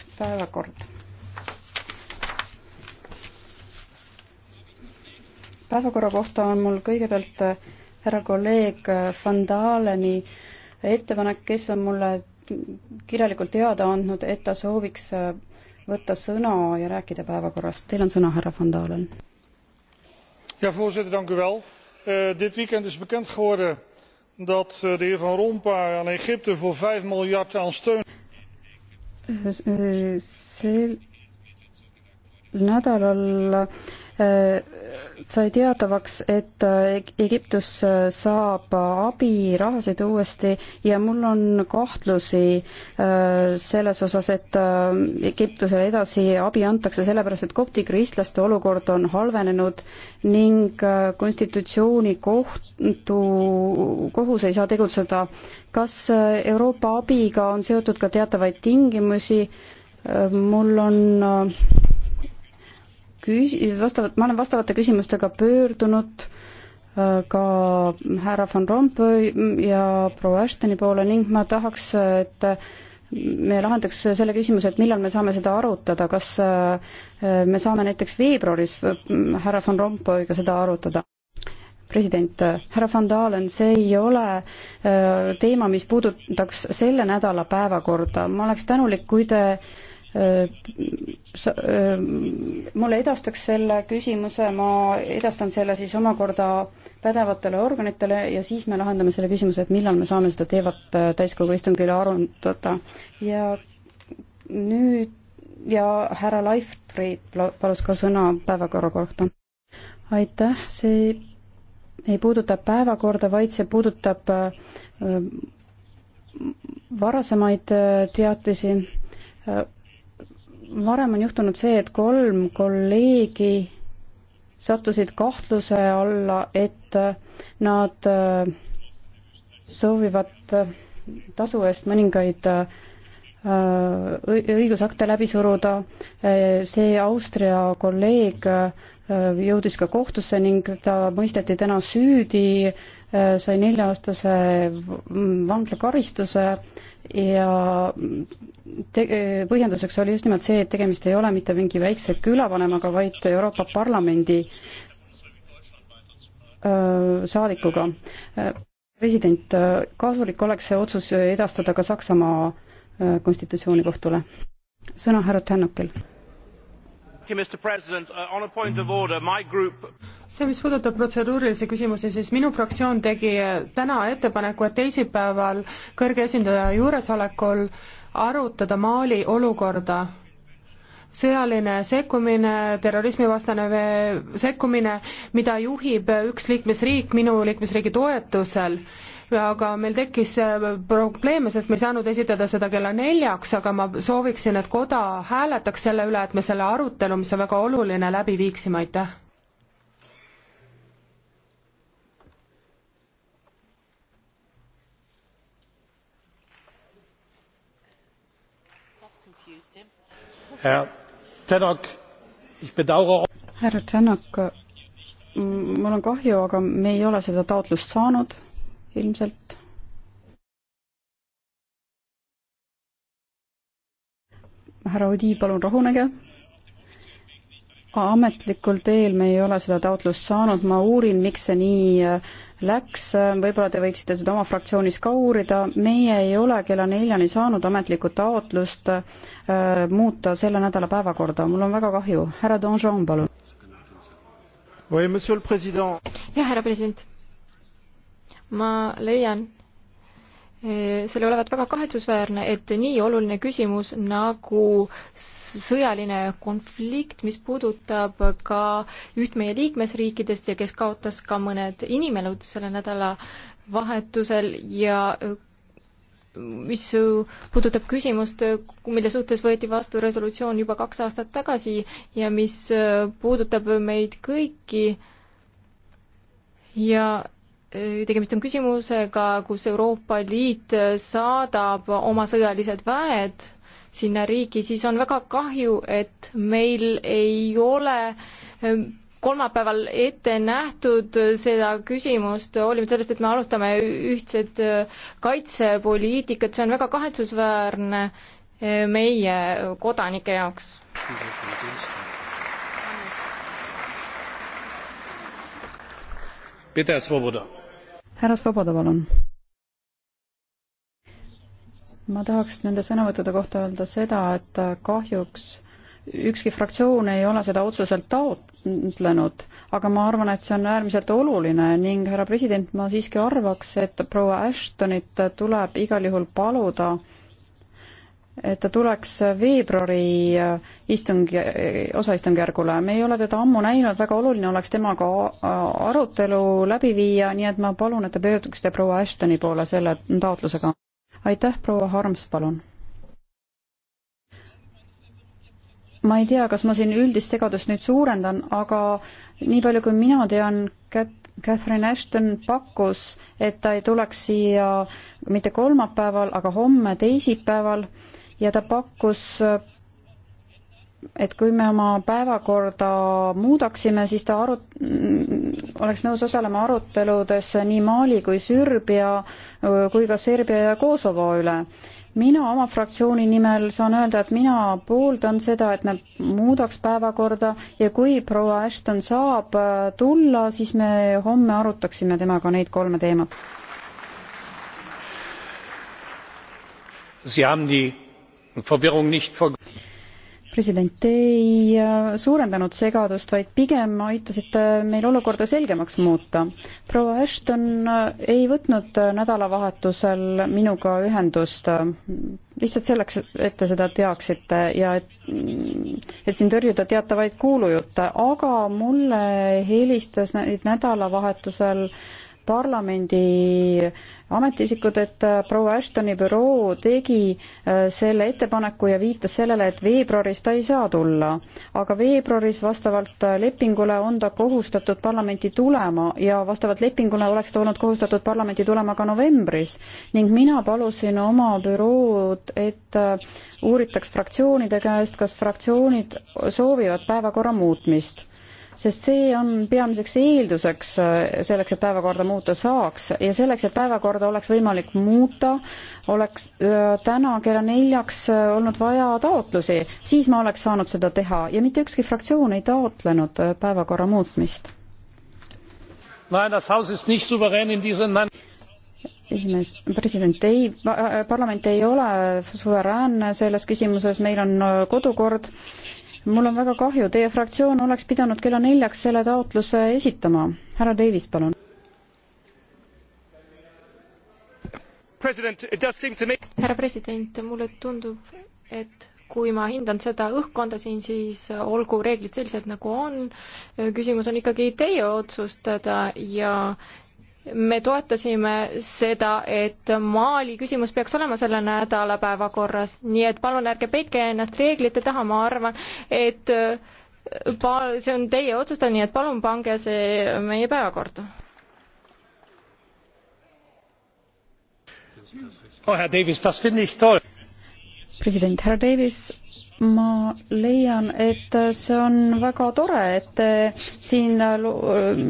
kinnitatud päevakord. päevakorra kohta on mul kõigepealt äh, härra kolleeg äh, Van Daleni ettepanek, kes on mulle kirjalikult teada andnud, et ta sooviks äh, võtta sõna ja rääkida päevakorrast. Teil on sõna, härra Van Dalen. jah, voorzitter, tänan küll. Eh, dit weekend is bekend geworden dat eh, de heer Van Rompuy aan Egypte voor 5 miljard aan steun sel nädalal Äh, sai teatavaks, et äh, Egiptus äh, saab abi, rahasid uuesti ja mul on kahtlusi selles osas, et Egiptusele edasi abi antakse, sellepärast et kopti kristlaste olukord on halvenenud ning konstitutsioonikohtu, kohus ei saa tegutseda. kas Euroopa abiga on seotud ka teatavaid tingimusi? mul on küs-, vastavat, ma olen vastavate küsimustega pöördunud äh, ka härra Van Rompuy ja proua Ashtoni poole ning ma tahaks, et me lahendaks selle küsimuse, et millal me saame seda arutada, kas äh, me saame näiteks veebruaris härra Van Rompuyga seda arutada? president, härra Van Dalen, see ei ole äh, teema, mis puudutaks selle nädala päevakorda, ma oleks tänulik, kui te äh, Äh, äh, mulle edastaks selle küsimuse, ma edastan selle siis omakorda pädevatele organitele ja siis me lahendame selle küsimuse, et millal me saame seda teemat äh, täiskogu istungil arutada. ja nüüd ja härra Leifrid palus ka sõna päevakorra kohta. aitäh, see ei puuduta päevakorda, vaid see puudutab varasemaid teatisi varem on juhtunud see, et kolm kolleegi sattusid kahtluse alla, et nad äh, soovivad äh, tasu eest mõningaid äh, õigusakte läbi suruda. see Austria kolleeg jõudis ka kohtusse ning ta mõisteti täna süüdi, sai nelja-aastase vanglakaristuse ja te-, põhjenduseks oli just nimelt see, et tegemist ei ole mitte mingi väikse külavanemaga, vaid Euroopa Parlamendi saadikuga. president, kasulik oleks see otsus edastada ka Saksamaa konstitutsioonikohtule. sõna härra Tännukil Uh, see, mis puudutab protseduurilisi küsimusi, siis minu fraktsioon tegi äh, täna ettepaneku, et teisipäeval kõrge esindaja juuresolekul arutada Mali olukorda sõjaline sekkumine, terrorismivastane sekkumine, mida juhib üks liikmesriik minu liikmesriigi toetusel aga meil tekkis äh, probleeme, sest me ei saanud esitada seda kella neljaks, aga ma sooviksin, et koda hääletaks selle üle, et me selle arutelu, mis on väga oluline, läbi viiksime, aitäh. härra Tänok, ich bedauere härra Tänak, mul on kahju, aga me ei ole seda taotlust saanud ilmselt. härra Odi, palun rahunege. ametlikul teel me ei ole seda taotlust saanud, ma uurin, miks see nii äh, läks, äh, võib-olla te võiksite seda oma fraktsioonis ka uurida, meie ei ole kella neljani saanud ametlikku taotlust äh, muuta selle nädala päevakorda, mul on väga kahju. härra Donjon, palun. jah, härra president ma leian eh, selle olevat väga kahetsusväärne, et nii oluline küsimus nagu sõjaline konflikt, mis puudutab ka üht meie liikmesriikidest ja kes kaotas ka mõned inimelud selle nädala vahetusel ja mis puudutab küsimust, mille suhtes võeti vastu resolutsioon juba kaks aastat tagasi ja mis puudutab meid kõiki ja Äh, tegemist on küsimusega, kus Euroopa Liit saadab oma sõjalised väed sinna riiki, siis on väga kahju, et meil ei ole ähm, kolmapäeval ette nähtud seda küsimust, hoolimata sellest, et me alustame ühtset äh, kaitsepoliitikat, see on väga kahetsusväärne äh, meie kodanike jaoks. Peter Svoboda härra Svoboda, palun. ma tahaks nende sõnavõttude kohta öelda seda, et kahjuks ükski fraktsioon ei ole seda otseselt taotlenud, aga ma arvan, et see on äärmiselt oluline ning härra president, ma siiski arvaks, et proua Ashtonit tuleb igal juhul paluda äh, et ta tuleks veebruari äh, istungi, äh, osaistungjärgule. me ei ole teda ammu näinud, väga oluline oleks temaga äh, arutelu läbi viia, nii et ma palun, et te pöörduksite proua Ashtoni poole selle taotlusega. aitäh, proua Harms, palun. ma ei tea, kas ma siin üldist segadust nüüd suurendan, aga nii palju, kui mina tean, Kat-, Catherine Ashton pakkus, et ta ei tuleks siia mitte kolmapäeval, aga homme teisipäeval äh, ja ta pakkus, et kui me oma päevakorda muudaksime, siis ta aru-, oleks nõus osalema aruteludes nii Mali kui Sürbia kui ka Serbia ja Kosovo üle mina oma fraktsiooni nimel saan öelda, et mina pooldan seda, et me muudaks päevakorda ja kui proua Ashton saab äh, tulla, siis me homme arutaksime temaga neid kolme teemat. Sie haben die president, te ei äh, suurendanud segadust, vaid pigem aitasite meil olukorda selgemaks muuta. proua Ashton äh, ei võtnud äh, nädalavahetusel minuga ühendust lihtsalt selleks, et te seda teaksite ja et, mm, et siin tõrjuda teatavaid kuulujutte, aga mulle helistas nädalavahetusel äh, parlamendi ametiisikud, et äh, proua Ashtoni büroo tegi äh, selle ettepaneku ja viitas sellele, et veebruaris ta ei saa tulla. aga veebruaris vastavalt äh, lepingule on ta kohustatud parlamenti tulema ja vastavalt lepingule oleks ta olnud kohustatud parlamenti tulema ka novembris. ning mina palusin oma bürood, et uuritaks fraktsioonide käest, kas fraktsioonid soovivad päevakorra muutmist sest see on peamiseks eelduseks äh, selleks, et päevakorda muuta saaks ja selleks, et päevakorda oleks võimalik muuta, oleks äh, täna kella neljaks äh, olnud vaja taotlusi, siis ma oleks saanud seda teha ja mitte ükski fraktsioon ei taotlenud päevakorra muutmist. esimees, president, ei, parlament ei ole suveräänne selles küsimuses, meil on kodukord mul on väga kahju, teie fraktsioon oleks pidanud kella neljaks selle taotluse esitama. härra Davis, palun. härra president, mulle tundub, et kui ma hindan seda õhkkonda siin, siis olgu reeglid sellised, nagu on, küsimus on ikkagi teie otsustada ja me toetasime seda, et Mali küsimus peaks olema selle nädala päevakorras, nii et palun ärge peitke ennast reeglite taha, ma arvan, et äh, pa-, see on teie otsustada, nii et palun pange see meie päevakorda. Oh, president härra Davis, ma leian, et see on väga tore, et te siin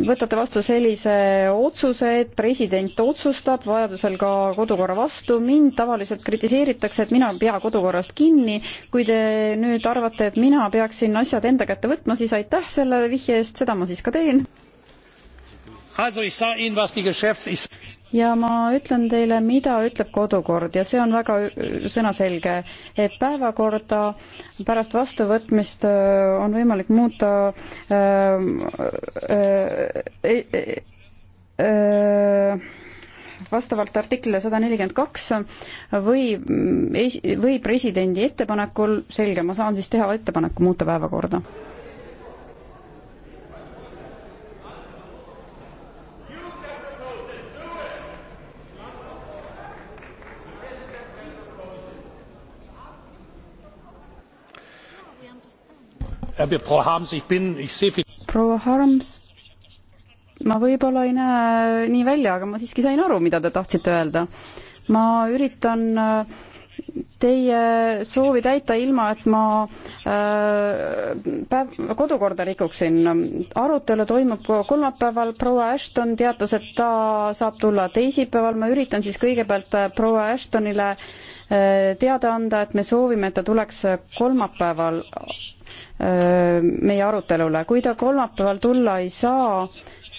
võtate vastu sellise otsuse, et president otsustab vajadusel ka kodukorra vastu. mind tavaliselt kritiseeritakse, et mina ei pea kodukorrast kinni. kui te nüüd arvate, et mina peaksin asjad enda kätte võtma, siis aitäh selle vihje eest, seda ma siis ka teen ja ma ütlen teile, mida ütleb kodukord ja see on väga sõnaselge, et päevakorda pärast vastuvõtmist äh, on võimalik muuta äh, äh, äh, äh, vastavalt artiklile sada nelikümmend kaks või, või presidendi ettepanekul, selge, ma saan siis teha ettepaneku muuta päevakorda proua Harms, ma võib-olla ei näe nii välja, aga ma siiski sain aru, mida te tahtsite öelda. ma üritan äh, teie soovi täita, ilma et ma äh, päev, kodukorda rikuksin. arutelu toimub kolmapäeval, proua Ashton teatas, et ta saab tulla teisipäeval, ma üritan siis kõigepealt äh, proua Ashtonile äh, teada anda, et me soovime, et ta tuleks kolmapäeval meie arutelule. kui ta kolmapäeval tulla ei saa,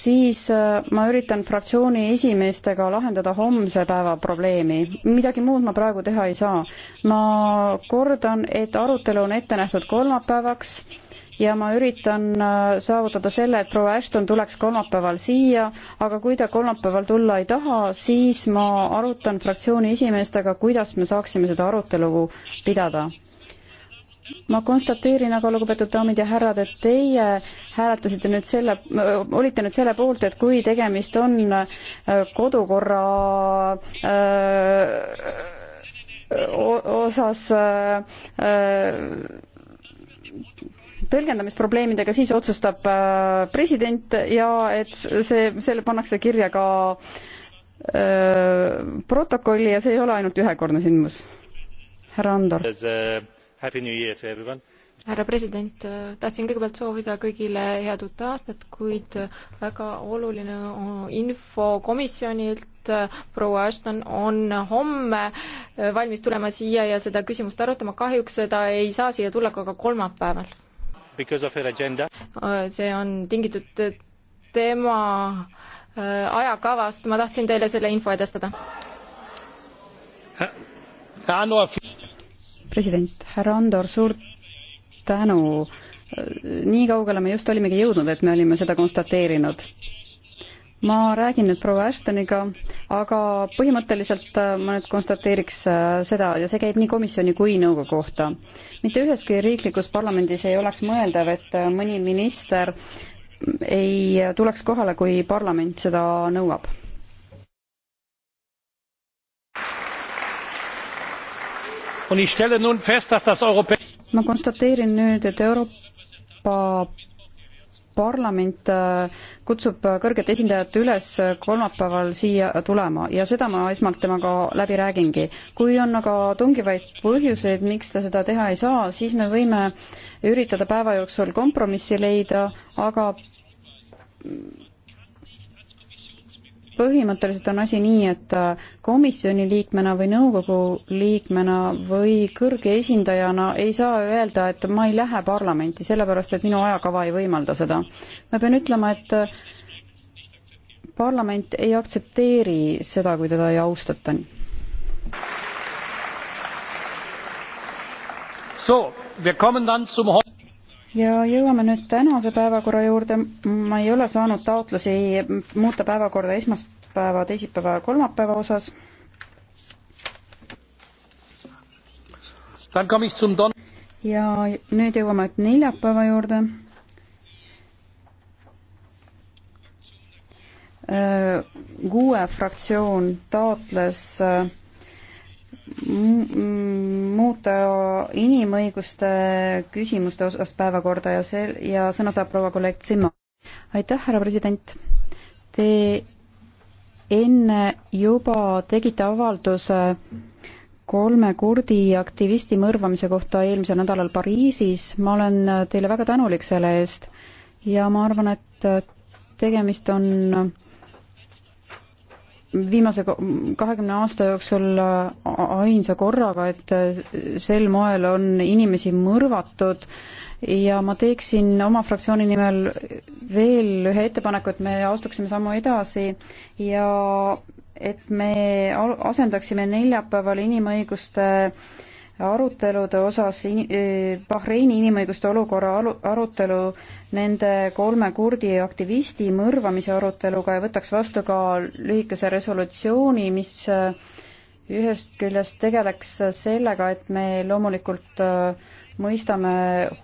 siis ma üritan fraktsiooni esimeestega lahendada homse päeva probleemi. midagi muud ma praegu teha ei saa. ma kordan, et arutelu on ette nähtud kolmapäevaks ja ma üritan saavutada selle, et proua Ashton tuleks kolmapäeval siia, aga kui ta kolmapäeval tulla ei taha, siis ma arutan fraktsiooni esimeestega, kuidas me saaksime seda arutelu pidada ma konstateerin aga, lugupeetud daamid ja härrad, et teie hääletasite nüüd selle, olite nüüd selle poolt, et kui tegemist on äh, kodukorra öö, äh, osas öö, äh, tõlgendamisprobleemidega, siis otsustab president ja et see, selle pannakse kirja ka öö, protokolli ja see ei ole ainult ühekordne sündmus. härra Andor härra president, äh, tahtsin kõigepealt soovida kõigile head uut aastat, kuid äh, väga oluline info komisjonilt, äh, proua Ashton on homme valmis tulema siia ja seda küsimust arutama, kahjuks ta ei saa siia tulla ka kolmapäeval. see on tingitud tema ajakavast, ma tahtsin teile selle info edastada president, härra Andor, suur tänu. nii kaugele me just olimegi jõudnud, et me olime seda konstateerinud. ma räägin nüüd proua Ashtoniga, aga põhimõtteliselt ma nüüd konstateeriks äh, seda ja see käib nii komisjoni kui nõukogu kohta. mitte üheski riiklikus parlamendis ei oleks mõeldav, et äh, mõni minister ei äh, tuleks kohale, kui parlament seda nõuab ma konstateerin nüüd, et Euroopa parlament äh, kutsub kõrget esindajat üles kolmapäeval siia tulema ja seda ma esmalt temaga läbi räägingi. kui on aga tungivaid põhjuseid, miks ta seda teha ei saa, siis me võime üritada päeva jooksul kompromissi leida, aga põhimõtteliselt on asi nii, et äh, komisjoni liikmena või nõukogu liikmena või kõrge esindajana ei saa öelda, et ma ei lähe parlamenti, sellepärast et minu ajakava ei võimalda seda. ma pean ütlema, et äh, parlament ei aktsepteeri seda, kui teda ei austata. So, wir kommen dann zum ja jõuame nüüd tänase päevakorra juurde. ma ei ole saanud taotlusi muuta päevakorda esmaspäeva, teisipäeva ja kolmapäeva osas. ja nüüd jõuame neljapäeva juurde. Äh, kuue fraktsioon taotles äh, muuta inimõiguste küsimuste osas päevakorda ja see ja sõna saab proua kolleeg Zimma. aitäh, härra president. Te enne juba tegite avalduse kolme kurdi aktivisti mõrvamise kohta eelmisel nädalal Pariisis. ma olen teile väga tänulik selle eest ja ma arvan, et tegemist on viimase kahekümne aasta jooksul ainsa korraga, et eh, sel moel on inimesi mõrvatud ja ma teeksin oma fraktsiooni nimel veel ühe ettepaneku, et me astuksime sammu edasi ja et me asendaksime neljapäeval inimõiguste äh, arutelude osas in, eh, Bahreini inimõiguste olukorra alu, arutelu nende kolme kurdi aktivisti mõrvamise aruteluga ja võtaks vastu ka lühikese resolutsiooni, mis eh, ühest küljest tegeleks sellega, et me loomulikult eh, mõistame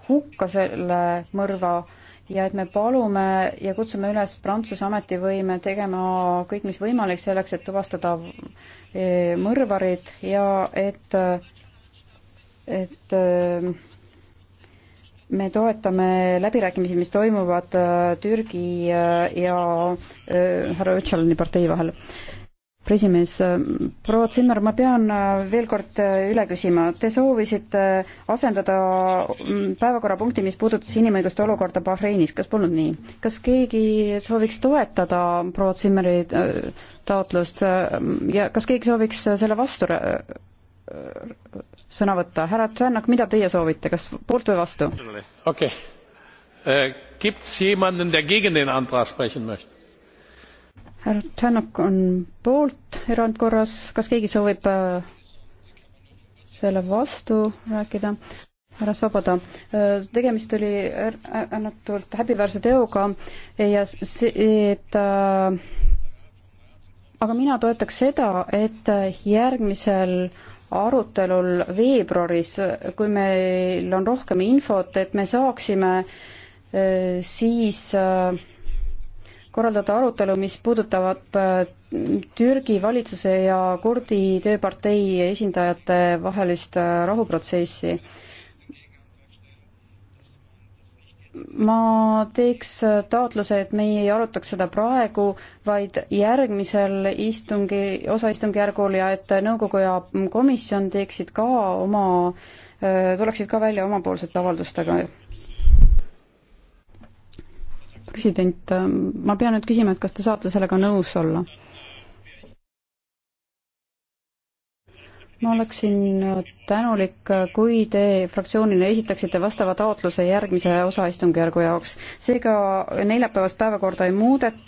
hukka selle mõrva ja et me palume ja kutsume üles Prantsuse ametivõime tegema kõik, mis võimalik selleks, et tuvastada mõrvarid ja et et äh, me toetame läbirääkimisi, mis toimuvad äh, Türgi äh, ja härra Öcalani partei vahel. presimees, proua Zimmer, ma pean veel kord üle küsima, te soovisite asendada mm, päevakorrapunkti, mis puudutas inimõiguste olukorda Bahreinis, kas polnud nii? kas keegi sooviks toetada proua Zimmeri taotlust ja kas keegi sooviks selle vastu sõna võtta. härra Tšannak, mida teie soovite, kas poolt või vastu? okei okay.. Äh, gibt's jemanden, der gegen den Antrag sprechen möchte? härra Tšannak on poolt erandkorras, kas keegi soovib äh, selle vastu rääkida? härra Soboda, äh, tegemist oli äärmatult er-, häbiväärse teoga ja see, et aga mina toetaks seda, et järgmisel arutelul veebruaris, kui meil on rohkem infot, et me saaksime eh, siis eh, korraldada arutelu, mis puudutavad eh, Türgi valitsuse ja kurdi tööpartei esindajate vahelist rahuprotsessi ma teeks taotluse, et meie ei arutaks seda praegu, vaid järgmisel istungi, osaistungjärgul ja et nõukogu ja komisjon teeksid ka oma, tuleksid ka välja omapoolsete avaldustega. president, ma pean nüüd küsima, et kas te saate sellega nõus olla? ma oleksin äh, tänulik, äh, kui te fraktsioonile esitaksite vastava taotluse järgmise osaistungjärgu jaoks. seega neljapäevast päevakorda ei muudeta.